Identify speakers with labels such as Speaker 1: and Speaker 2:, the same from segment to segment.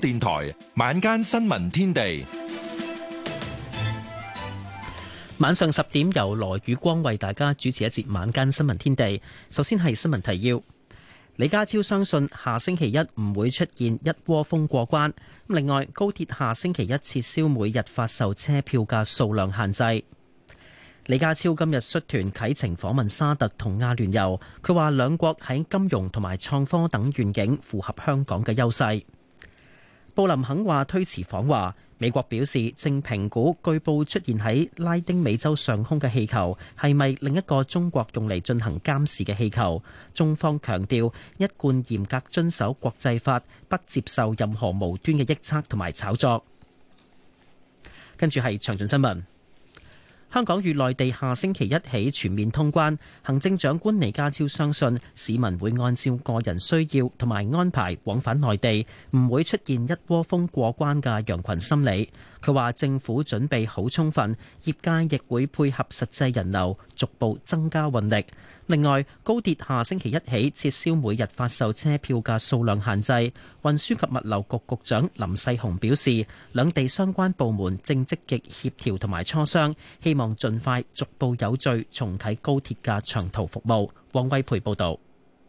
Speaker 1: 電台晚
Speaker 2: 間新聞天地，晚上十點由羅宇光為大家主持一節晚間新聞天地。首先係新聞提要。李家超相信下星期一唔會出現一窩蜂過關。另外，高鐵下星期一撤銷每日發售車票嘅數量限制。李家超今日率團啟程訪問沙特同阿聯酋，佢話兩國喺金融同埋創科等願景符合香港嘅優勢。布林肯話推遲訪華。美國表示正評估，據報出現喺拉丁美洲上空嘅氣球係咪另一個中國用嚟進行監視嘅氣球？中方強調一貫嚴格遵守國際法，不接受任何無端嘅臆測同埋炒作。跟住係詳盡新聞。香港與內地下星期一起全面通關，行政長官李家超相信市民會按照個人需要同埋安排往返內地，唔會出現一窩蜂過關嘅羊群心理。佢話政府準備好充分，業界亦會配合實際人流，逐步增加運力。另外，高鐵下星期一起撤銷每日發售車票嘅數量限制。運輸及物流局局長林世雄表示，兩地相關部門正積極協調同埋磋商，希望盡快逐步有序重啟高鐵嘅長途服務。王威培報導。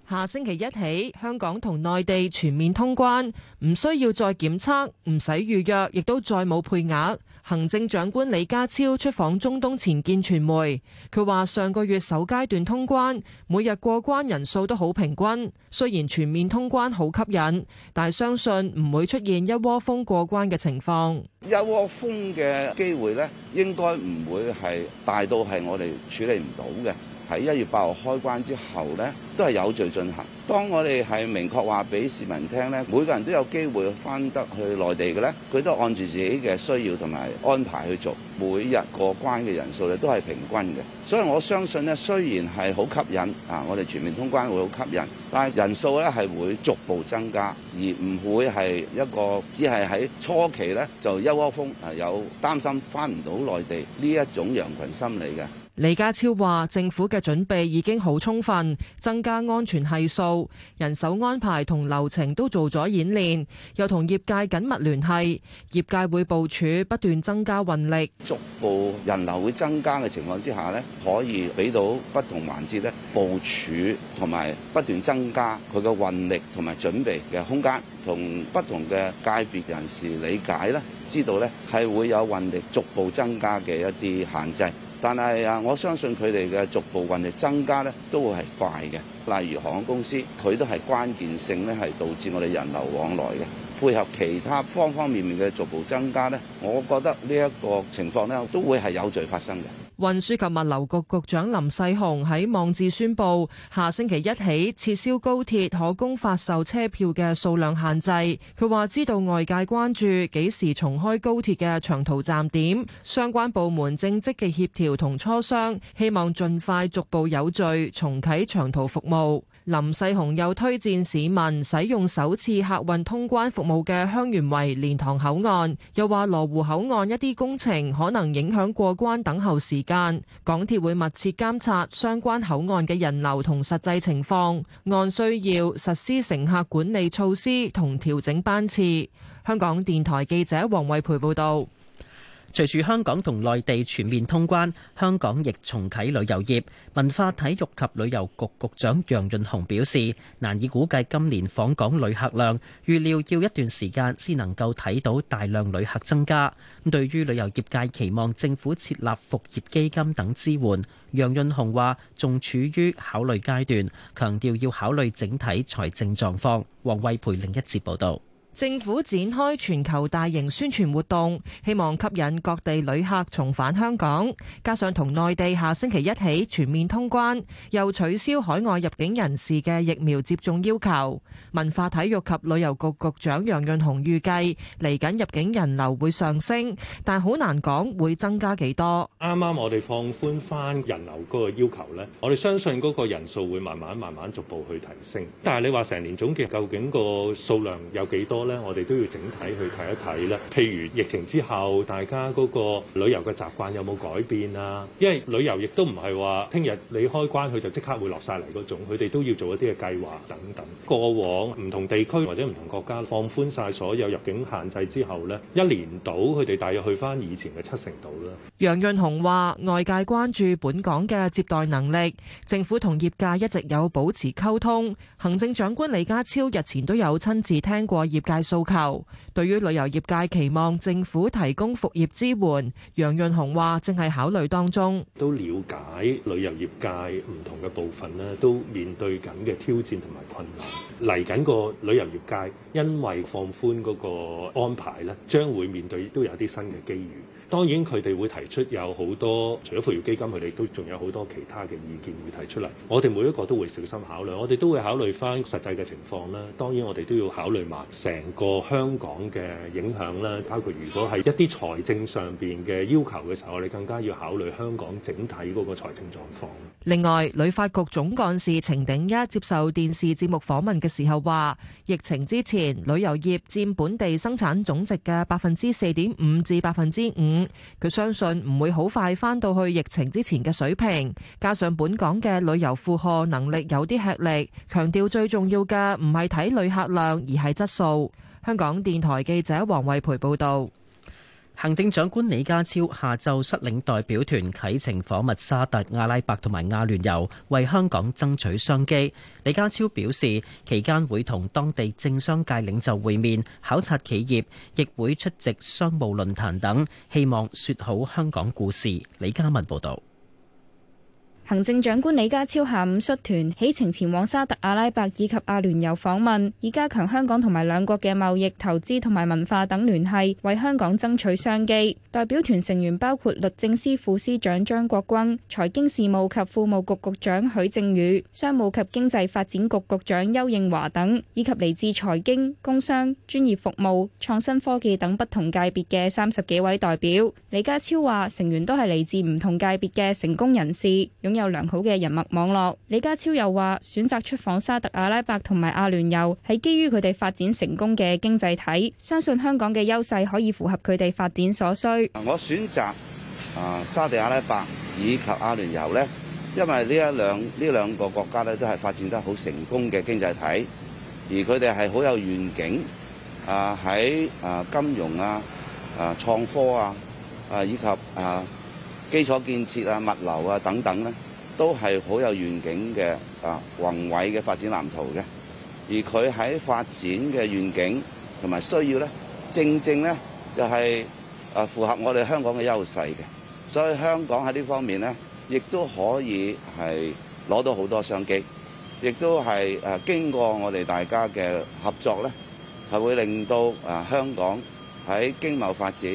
Speaker 3: 下星期一起，香港同內地全面通關，唔需要再檢測，唔使預約，亦都再冇配額。行政長官李家超出訪中東前見傳媒，佢話上個月首階段通關，每日過關人數都好平均。雖然全面通關好吸引，但相信唔會出現一窩蜂過關嘅情況。
Speaker 4: 一窩蜂嘅機會呢，應該唔會係大到係我哋處理唔到嘅。喺一月八號開關之後呢，都係有序進行。當我哋係明確話俾市民聽呢，每個人都有機會翻得去內地嘅呢，佢都按住自己嘅需要同埋安排去做。每日過關嘅人數咧都係平均嘅，所以我相信呢，雖然係好吸引啊，我哋全面通關會好吸引，但係人數呢係會逐步增加，而唔會係一個只係喺初期呢就一窩蜂啊有擔心翻唔到內地呢一種羊群心理嘅。
Speaker 3: 李家超話政府嘅準備已經好充分，增加安全係數，人手安排同流程都做咗演練，又同業界緊密聯繫，業界會部署不斷增加運力，逐
Speaker 4: 步人流會增加嘅情況之下咧，可以俾到不同環節咧部署同埋不斷增加佢嘅運力同埋準備嘅空間同不同嘅界別人士理解咧，知道咧係會有運力逐步增加嘅一啲限制。但係啊，我相信佢哋嘅逐步運力增加咧，都會係快嘅。例如航空公司，佢都係關鍵性咧，係導致我哋人流往來嘅。配合其他方方面面嘅逐步增加咧，我覺得呢一個情況咧，都會係有序發生嘅。
Speaker 3: 運輸及物流局局長林世雄喺網誌宣佈，下星期一起撤銷高鐵可供發售車票嘅數量限制。佢話知道外界關注幾時重開高鐵嘅長途站點，相關部門正積極協調同磋商，希望盡快逐步有序重啟長途服務。林世雄又推薦市民使用首次客運通關服務嘅香園圍、蓮塘口岸，又話羅湖口岸一啲工程可能影響過關等候時間，港鐵會密切監察相關口岸嘅人流同實際情況，按需要實施乘客管理措施同調整班次。香港電台記者
Speaker 2: 黃慧培報道。隨住香港同內地全面通關，香港亦重啟旅遊業。文化體育及旅遊局局長楊潤雄表示，難以估計今年訪港旅客量，預料要一段時間先能夠睇到大量旅客增加。咁對於旅遊業界期望政府設立復業基金等支援，楊潤雄話仲處於考慮階段，強調要考慮整體財政狀況。黃衛培另一節報導。
Speaker 3: 政府展開全球大型宣傳活動,希望吸引各地旅客重返香港,加上同內地下星期一起全面通關,又取消海外入境人士嘅疫苗接種要求,文化體育及旅遊局局長楊潤雄預計,嚟緊入境人流會上升,但好難講會增加幾多。
Speaker 1: 咧，我哋都要整體去睇一睇咧。譬如疫情之後，大家嗰個旅遊嘅習慣有冇改變啊？因為旅遊亦都唔係話聽日你開關佢就即刻會落晒嚟嗰種，佢哋都要做一啲嘅計劃等等。過往唔同地區或者唔同國家放寬晒所有入境限制之後咧，一年到佢哋大約去翻以前嘅七成度啦。
Speaker 3: 楊潤雄話，外界關注本港嘅接待能力，政府同業界一直有保持溝通。行政長官李家超日前都有親自聽過業界大訴求，對於旅遊業界期望政府提供復業支 援，楊潤雄話正係考慮當中。都了
Speaker 1: 解旅遊業界唔同嘅部分都面對緊嘅挑戰同埋困難。嚟緊個旅遊業界，因為放寬嗰個安排，將會面對都有啲新嘅機遇。當然佢哋會提出有好多，除咗扶業基金，佢哋都仲有好多其他嘅意見會提出嚟。我哋每一個都會小心考慮，我哋都會考慮翻實際嘅情況啦。當然我哋都要考慮埋成個香港嘅影響啦，包括如果係一啲財政上面嘅要求嘅時候，我哋更加要考慮香港整體嗰個財政狀況。
Speaker 3: 另外，旅發局總幹事程鼎一接受電視節目訪問嘅時候話，疫情之前旅遊業佔本地生產總值嘅百分之四點五至百分之五。佢相信唔會好快翻到去疫情之前嘅水平，加上本港嘅旅遊負荷能力有啲吃力，強調最重要
Speaker 2: 嘅唔係睇旅客量，而係質素。香港電台記者黃慧培報道。行政長官李家超下晝率領代表團啟程訪問沙特阿拉伯同埋阿聯酋，為香港爭取商機。李家超表示，期間會同當地政商界領袖會面、考察企業，亦會出席商務論壇等，希望說好香港故事。李嘉文報道。
Speaker 5: 行政長官李家超下午率團起程前往沙特阿拉伯以及阿聯酋訪問，以加強香港同埋兩國嘅貿易、投資同埋文化等聯繫，為香港爭取商機。代表團成員包括律政司副司長張國軍、財經事務及庫務局局,局長許正宇、商務及經濟發展局,局局長邱應華等，以及嚟自財經、工商、專業服務、創新科技等不同界別嘅三十幾位代表。李家超話：成員都係嚟自唔同界別嘅成功人士。有良好嘅人脈網絡，李家超又話：選擇出訪沙特阿拉伯同埋阿聯酋，係基於佢哋發展成功嘅經濟體，相信香港嘅優勢可以符合佢哋發展所需。
Speaker 4: 我選擇啊沙特阿拉伯以及阿聯酋咧，因為呢一兩呢兩個國家咧都係發展得好成功嘅經濟體，而佢哋係好有願景啊喺啊金融啊啊創科啊啊以及啊。基礎建設啊、物流啊等等咧，都係好有願景嘅啊宏偉嘅發展藍圖嘅。而佢喺發展嘅願景同埋需要咧，正正咧就係、是、啊符合我哋香港嘅優勢嘅。所以香港喺呢方面咧，亦都可以係攞到好多商機，亦都係誒經過我哋大家嘅合作咧，係會令到啊香港喺經貿發展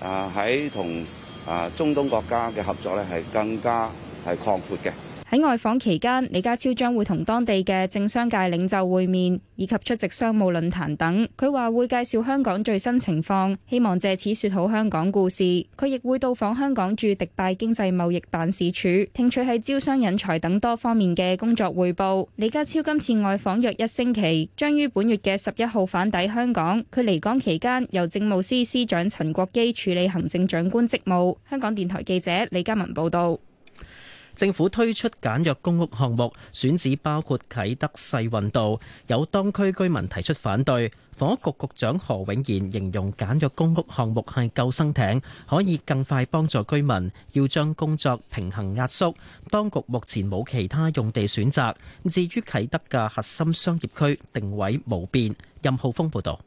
Speaker 4: 啊喺同。啊，中東國家嘅合作咧，係更加係擴闊嘅。
Speaker 5: 喺外訪期間，李家超將會同當地嘅政商界領袖會面，以及出席商務論壇等。佢話會介紹香港最新情況，希望借此説好香港故事。佢亦會到訪香港駐迪拜經濟貿易辦事處，聽取喺招商引才等多方面嘅工作彙報。李家超今次外訪約一星期，將於本月嘅十一號返抵香港。佢離港期間，由政務司司長陳國基處理行政長官職務。香港電台記者李嘉文報道。
Speaker 2: 政府推出簡約公屋項目，選址包括啟德世運道，有當區居民提出反對。房屋局局長何永賢形容簡約公屋項目係救生艇，可以更快幫助居民，要將工作平衡壓縮，當局目前冇其他用地選擇。至於啟德嘅核心商業區定位無變。任浩峯報導。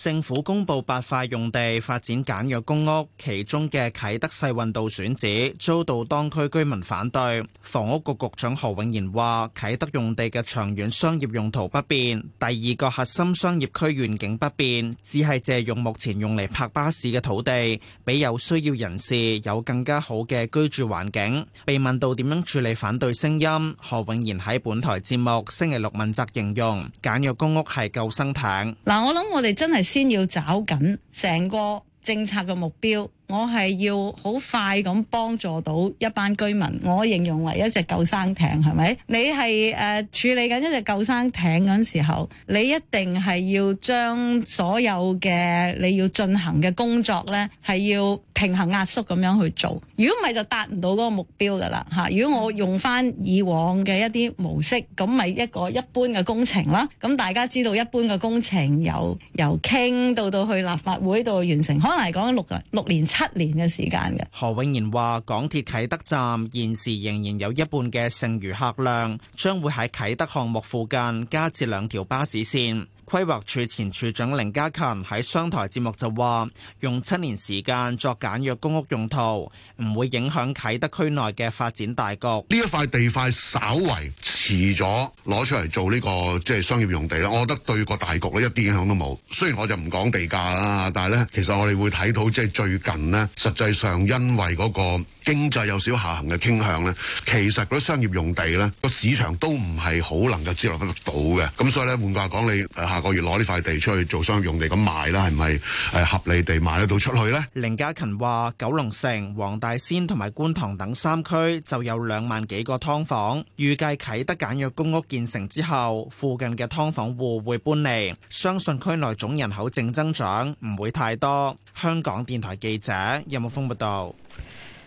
Speaker 2: 政府公布八塊用地
Speaker 6: 發展簡約公屋，其中嘅啟德世運道選址遭到當區居民反對。房屋局局長何永賢話：啟德用地嘅長遠商業用途不變，第二個核心商業區願景不變，只係借用目前用嚟泊巴士嘅土地，俾有需要人士有更加好嘅居住環境。被問到點樣處理反對聲音，何永賢喺本台節目星期六問責，形容簡約公屋係救生艇。
Speaker 4: 嗱，我諗我哋真係。先要找緊成個政策嘅目標。我係要好快咁幫助到一班居民，我形容為一隻救生艇，係咪？你係誒、呃、處理緊一隻救生艇嗰陣時候，你一定係要將所有嘅你要進行嘅工作呢，係要平衡壓縮咁樣去做。如果唔係就達唔到嗰個目標㗎啦嚇。如果我用翻以往嘅一啲模式，咁咪一個一般嘅工程啦。咁大家知道一般嘅工程由由傾到到去立法會度完成，可能係講六六年七年嘅時間嘅。
Speaker 6: 何永賢話港鐵啟德站現時仍然有一半嘅剩餘客量，將會喺啟德項目附近加設兩條巴士線。規劃署前署長凌嘉勤喺商台節目就話，用七年時間作簡約公屋用途，唔會影響啟德區內嘅發展大局。呢一塊地塊稍為
Speaker 4: 遲咗攞出嚟做呢個即係商業用地咧，我覺得對個大局咧一啲影響都冇。雖然我就唔講地價啦，但係咧，其實我哋會睇到即係最近呢，實際上因為嗰個經濟有少下行嘅傾向咧，其實嗰啲商業用地咧個市場都唔係好能夠接落得到嘅。咁所以咧，換句話講，你、呃下個月攞呢塊地出去做商用地咁賣啦，係咪係合理地賣得到出去呢？
Speaker 6: 凌家勤話，九龍城、黃大仙同埋觀塘等三區就有兩萬幾個劏房，預計啟德簡約公屋建成之後，附近嘅劏房戶會搬離，相信區內總人口正增長唔會太多。
Speaker 2: 香港電台記者任木峯報道。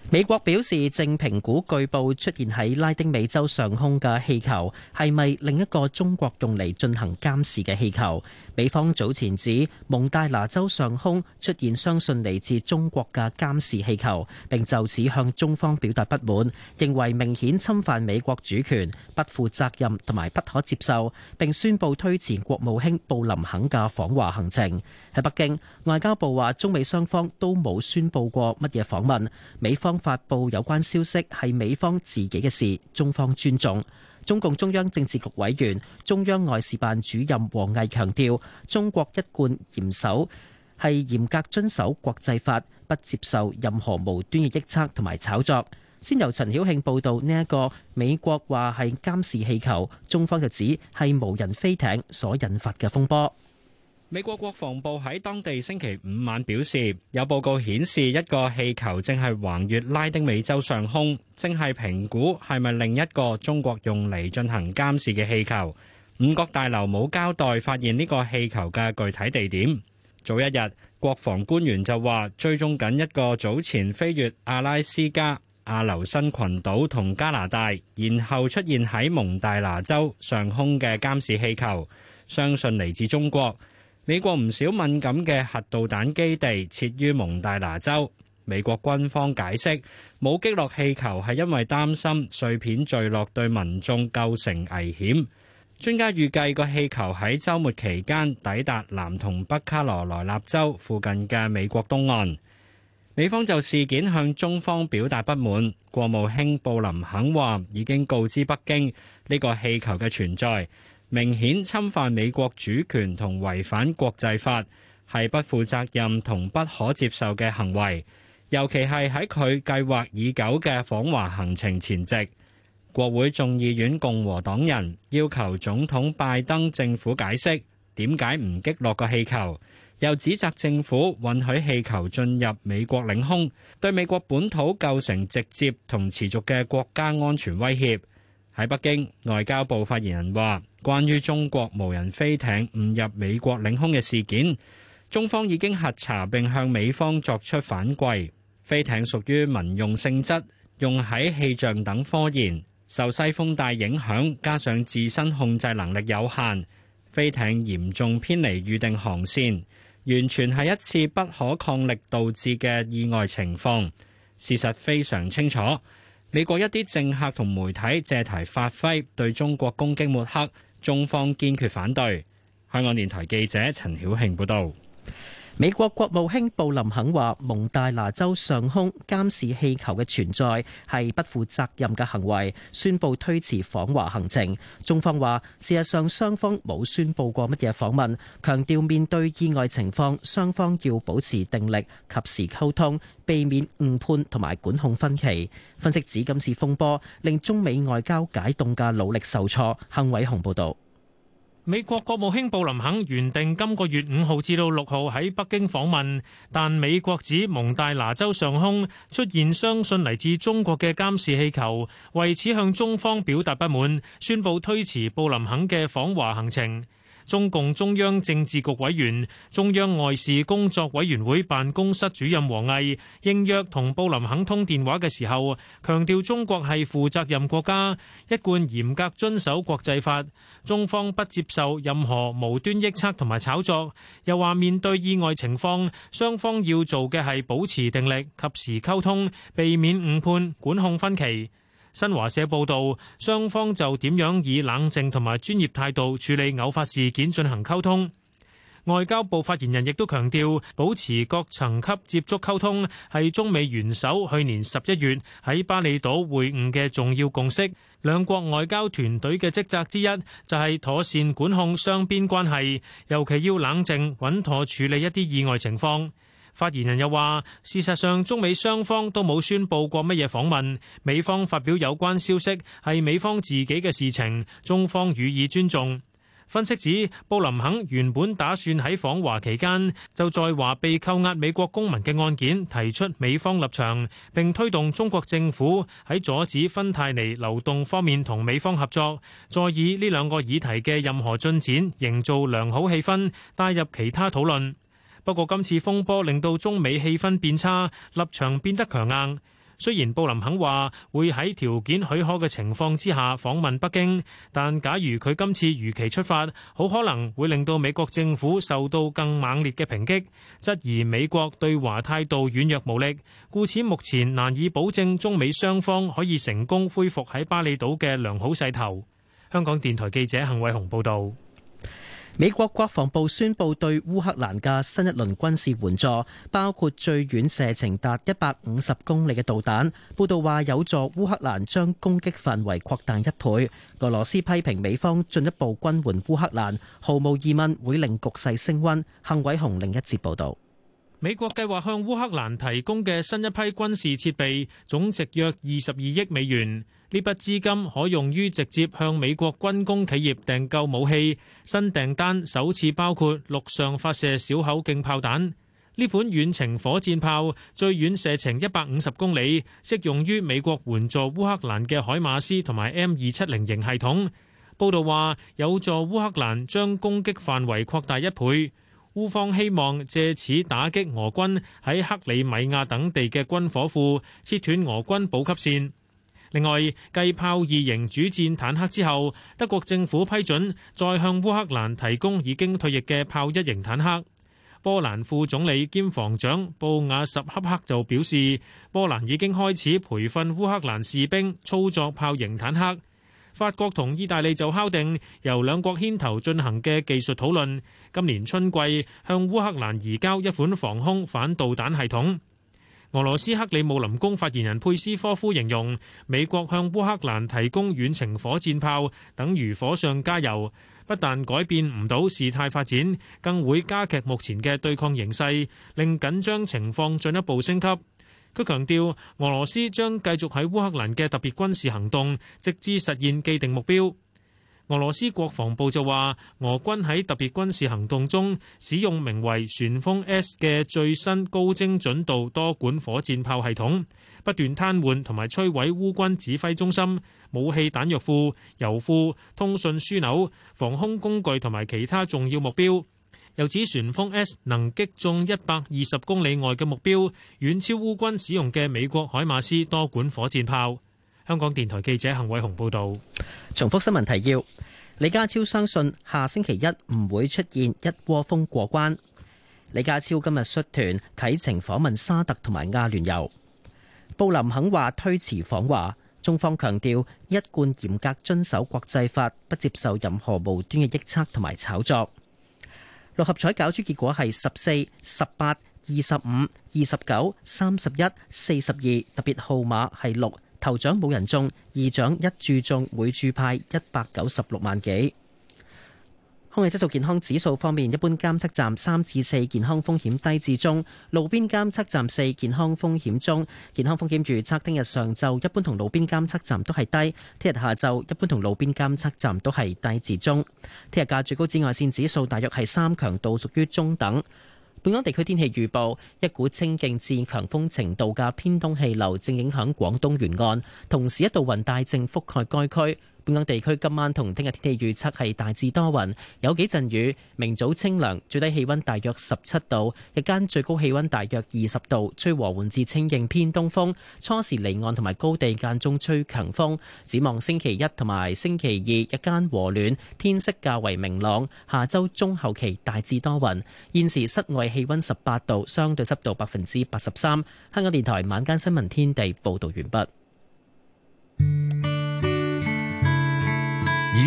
Speaker 2: 美國表示正評估據報出現喺拉丁美洲上空嘅氣球係咪另一個中國用嚟進行監視嘅氣球。美方早前指蒙大拿州上空出現相信嚟自中國嘅監視氣球，並就此向中方表達不滿，認為明顯侵犯美國主權、不負責任同埋不可接受，並宣布推遲國務卿布林肯嘅訪華行程。喺北京，外交部話中美雙方都冇宣布過乜嘢訪問，美方發布有關消息係美方自己嘅事，中方尊重。中共中央政治局委員，中央外事辦主任王毅強調，中國一貫嚴守，係嚴格遵守國際法，不接受任何無端嘅臆測，同埋炒作。先由陳曉慶報道。呢一個美國話係監視氣球，中方就指係無人飛艇所引發嘅風波。
Speaker 7: 美國國防部喺當地星期五晚表示，有報告顯示一個氣球正係橫越拉丁美洲上空，正係評估係咪另一個中國用嚟進行監視嘅氣球。五角大樓冇交代發現呢個氣球嘅具體地點。早一日，國防官員就話追蹤緊一個早前飛越阿拉斯加、阿留申群島同加拿大，然後出現喺蒙大拿州上空嘅監視氣球，相信嚟自中國。美國唔少敏感嘅核導彈基地設於蒙大拿州。美國軍方解釋，冇擊落氣球係因為擔心碎片墜落對民眾構成危險。專家預計，個氣球喺週末期間抵達南同北卡羅來納州附近嘅美國東岸。美方就事件向中方表達不滿。國務卿布林肯話已經告知北京，呢個氣球嘅存在，明顯侵犯美國主權同違反國際法，係不負責任同不可接受嘅行為，尤其係喺佢計劃已久嘅訪華行程前夕。國會眾議院共和黨人要求總統拜登政府解釋點解唔擊落個氣球，又指責政府允許氣球進入美國領空，對美國本土構成直接同持續嘅國家安全威脅。喺北京，外交部發言人話：關於中國無人飛艇誤入美國領空嘅事件，中方已經核查並向美方作出反饋。飛艇屬於民用性質，用喺氣象等科研。受西風帶影響，加上自身控制能力有限，飛艇嚴重偏離預定航線，完全係一次不可抗力導致嘅意外情況。事實非常清楚。美國一啲政客同媒體借題發揮，對中國攻擊抹黑。中方堅決反
Speaker 2: 對。香港電台記者陳曉慶報道。美國國務卿布林肯話：蒙大拿州上空監視氣球嘅存在係不負責任嘅行為，宣布推遲訪華行程。中方話事實上雙方冇宣布過乜嘢訪問，強調面對意外情況，雙方要保持定力，及時溝通，避免誤判同埋管控分歧。分析指今次風波令中美外交解凍嘅努力受挫。幸偉雄報道。
Speaker 8: 美國國務卿布林肯原定今個月五號至到六號喺北京訪問，但美國指蒙大拿州上空出現相信嚟自中國嘅監視氣球，為此向中方表達不滿，宣布推遲布林肯嘅訪華行程。中共中央政治局委員、中央外事工作委員會辦公室主任王毅應約同布林肯通電話嘅時候，強調中國係負責任國家，一貫嚴格遵守國際法，中方不接受任何無端臆測同埋炒作，又話面對意外情況，雙方要做嘅係保持定力、及時溝通、避免誤判、管控分歧。新華社報道，雙方就點樣以冷靜同埋專業態度處理偶發事件進行溝通。外交部發言人亦都強調，保持各層級接觸溝通係中美元首去年十一月喺巴厘島會晤嘅重要共識。兩國外交團隊嘅職責之一就係妥善管控雙邊關係，尤其要冷靜穩妥處理一啲意外情況。發言人又話：事實上，中美雙方都冇宣佈過乜嘢訪問。美方發表有關消息係美方自己嘅事情，中方予以尊重。分析指，布林肯原本打算喺訪華期間，就在華被扣押美國公民嘅案件提出美方立場，並推動中國政府喺阻止芬太尼流動方面同美方合作，再以呢兩個議題嘅任何進展營造良好氣氛，帶入其他討論。不過今次風波令到中美氣氛變差，立場變得強硬。雖然布林肯話會喺條件許可嘅情況之下訪問北京，但假如佢今次如期出發，好可能會令到美國政府受到更猛烈嘅抨擊，質疑美國對華態度軟弱無力。故此目前難以保證中美雙方可以成功恢
Speaker 2: 復喺巴厘島嘅良好勢頭。香港電台記者幸偉雄報導。美國國防部宣布對烏克蘭嘅新一輪軍事援助，包括最遠射程達一百五十公里嘅導彈。報道話有助烏克蘭將攻擊範圍擴大一倍。俄羅斯批評美方進一步軍援烏克蘭，毫無疑問會令局勢升温。幸偉雄另一節報道，
Speaker 8: 美國計劃向烏克蘭提供嘅新一批軍事設備，總值約二十二億美元。呢筆資金可用於直接向美國軍工企業訂購武器，新訂單首次包括陸上發射小口徑炮彈。呢款遠程火箭炮最遠射程一百五十公里，適用於美國援助烏克蘭嘅海馬斯同埋 M 二七零型系統。報道話有助烏克蘭將攻擊範圍擴大一倍。烏方希望借此打擊俄軍喺克里米亞等地嘅軍火庫，切斷俄軍補給線。另外，繼豹二型主戰坦克之後，德國政府批准再向烏克蘭提供已經退役嘅豹一型坦克。波蘭副總理兼防長布瓦什恰克克就表示，波蘭已經開始培訓烏克蘭士兵操作豹型坦克。法國同意大利就敲定由兩國牽頭進行嘅技術討論，今年春季向烏克蘭移交一款防空反導彈系統。俄羅斯克里姆林宮發言人佩斯科夫形容，美國向烏克蘭提供遠程火箭炮等如火上加油，不但改變唔到事態發展，更會加劇目前嘅對抗形勢，令緊張情況進一步升級。佢強調，俄羅斯將繼續喺烏克蘭嘅特別軍事行動，直至實現既定目標。俄羅斯國防部就話，俄軍喺特別軍事行動中使用名為「旋風 S」嘅最新高精準度多管火箭炮系統，不斷癱瘓同埋摧毀烏軍指揮中心、武器彈藥庫、油庫、通訊樞紐、防空工具同埋其他重要目標。又指旋風 S 能擊中一百二十公里外嘅目標，遠超烏軍使用嘅美國海馬斯多管火箭炮。香港電台
Speaker 2: 記者幸偉雄報道。重複新聞提要：李家超相信下星期一唔會出現一窩蜂過關。李家超今日率團啟程訪問沙特同埋阿聯酋。布林肯話推遲訪華。中方強調一貫嚴格遵守國際法，不接受任何無端嘅臆測同埋炒作。六合彩攪出結果係十四、十八、二十五、二十九、三十一、四十二，特別號碼係六。頭獎冇人中，二獎一注中，每注派一百九十六萬幾。空氣質素健康指數方面，一般監測站三至四健康風險低至中，路邊監測站四健康風險中。健康風險預測聽日上晝一般同路邊監測站都係低，聽日下晝一般同路邊監測站都係低至中。聽日嘅最高紫外線指數大約係三，強度屬於中等。本港地區天氣預報：一股清勁至強風程度嘅偏東氣流正影響廣東沿岸，同時一道雲帶正覆蓋該區。本港地區今晚同聽日天氣預測係大致多雲，有幾陣雨。明早清涼，最低氣溫大約十七度，日間最高氣溫大約二十度，吹和緩至清勁偏東風，初時離岸同埋高地間中吹強風，展望星期一同埋星期二日間和暖，天色較為明朗。下周中後期大致多雲，現時室外氣溫十八度，相對濕度百分之八十三。香港電台晚間新聞天地報道完畢。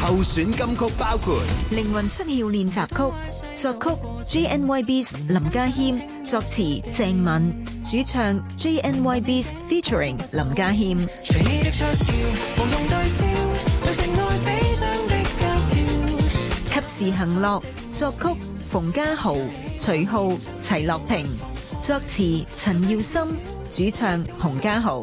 Speaker 4: 候選金曲包括《
Speaker 5: 靈魂出竅練習曲》，
Speaker 3: 作曲 GNYBS、林家謙，作詞鄭敏，主唱 GNYBS featuring 林家謙。及時行樂，作曲，馮家豪、徐浩、齊樂平作詞，陳耀森主唱，洪嘉豪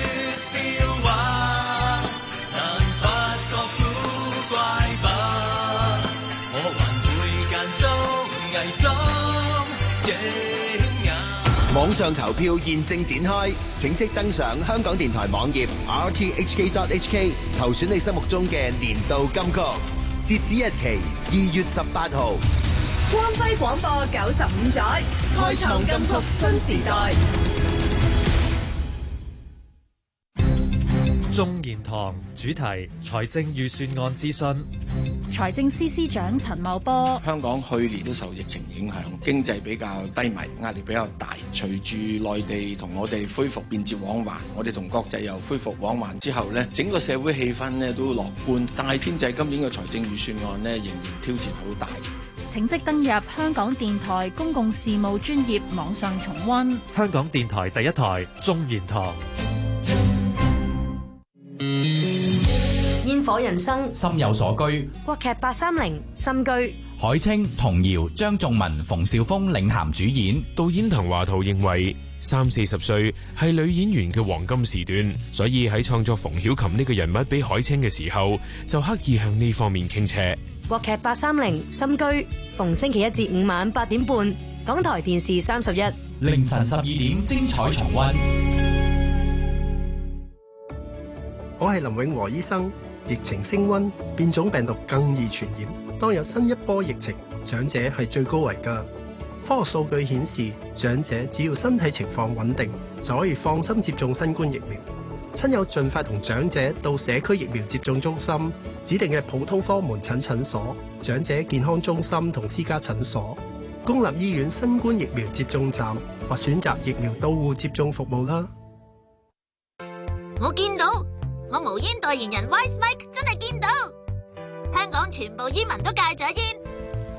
Speaker 4: 網上投票現正展開，請即登上香港電台網頁 rthk.hk 投選你心目中嘅年度金曲，截止日期二月十八號。光輝
Speaker 3: 廣播九十五載，開創金曲新時代。
Speaker 1: 中研堂主題財政預算案諮詢，
Speaker 5: 財政司司長陳茂波。
Speaker 4: 香港去年都受疫情影響，經濟比較低迷，壓力比較大。隨住內地同我哋恢復便捷往還，我哋同國際又恢復往還之後呢，整個社會氣氛呢，都樂觀。但係，編製今年嘅財政預算案呢，仍然挑戰好大。
Speaker 5: 請即登入香港電台公共事務專業網上重溫。
Speaker 1: 香港電台第一台中研堂。
Speaker 5: 火人生，
Speaker 7: 心有所居。
Speaker 5: 國劇八三零心居，
Speaker 7: 海清、童瑤、張仲文、
Speaker 8: 馮紹峰領銜主演。導演滕華濤認為三四十歲係女演員嘅黃金時段，所以喺創作馮曉琴呢個人物俾海清嘅時候，就刻意向呢方面傾斜。
Speaker 5: 國劇八三零心居，逢星期一至五晚八點半，港台電視三十一，
Speaker 8: 凌晨十二點精彩重温。
Speaker 6: 我係林永和醫生。疫情升溫，變種病毒更易傳染。當有新一波疫情，長者係最高危噶。科學數據顯示，長者只要身體情況穩定，就可以放心接種新冠疫苗。親友盡快同長者到社區疫苗接種中心、指定嘅普通科門診診所、長者健康中心同私家診所、公立醫院新冠疫苗接種站，或選擇疫苗到戶接種服務啦。
Speaker 5: 我見到。我無煙代言人 Yves Mike 真係見到，香港全部煙民都戒咗煙，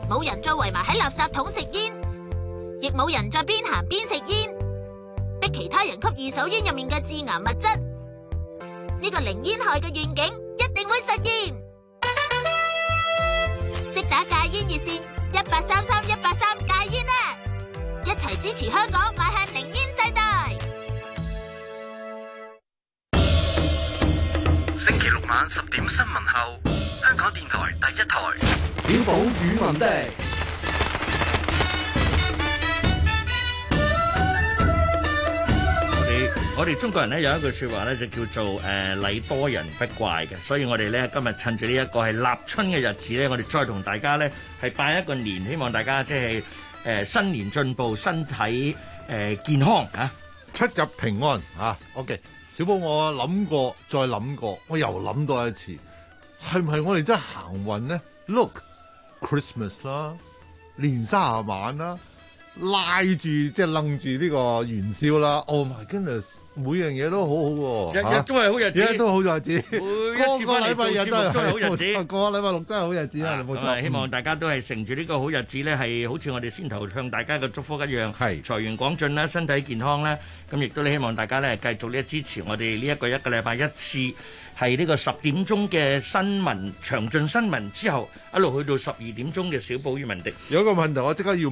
Speaker 5: 冇人再圍埋喺垃圾桶食煙，亦冇人再邊行邊食煙，逼其他人吸二手煙入面嘅致癌物質。呢個零煙害嘅願景一定會實現。即打戒煙熱線一八三三一八三戒煙啊！一齊支持香港買氣。
Speaker 2: 晚十點新聞後，香港電台第一台
Speaker 7: 小寶語文帝。
Speaker 1: 我哋
Speaker 7: 我哋中國人咧，有一句說話咧，就叫做誒，禮多人不怪嘅，所以我哋咧，今日趁住呢一個係立春嘅日子咧，我哋再同大家咧係拜一個年，希望大家即係
Speaker 1: 誒新年進步，身體誒健康啊，出入平安啊，OK。小寶，我啊諗過，再諗過，我又諗多一次，係唔係我哋真係行運咧？Look，Christmas 啦，年卅晚啦。拉住即係楞住呢個元宵啦，Oh my goodness，每樣嘢都好好嘅，日、啊、日都係好日子，日都好日子，每， 每
Speaker 4: 個禮拜日都係好日子，每個禮拜六都係好日子啊，冇錯啊！希望
Speaker 7: 大家都係乘住呢個好日子咧，係好似我哋先頭向大家嘅祝福一樣，係財源廣進啦，身體健康啦，咁亦都希望大家咧繼續咧支持我哋呢一個一個禮拜一次係呢個十點鐘嘅新聞
Speaker 8: 詳盡新聞之後一路去到十二點鐘嘅小寶與文迪。有一個問題，我即刻要。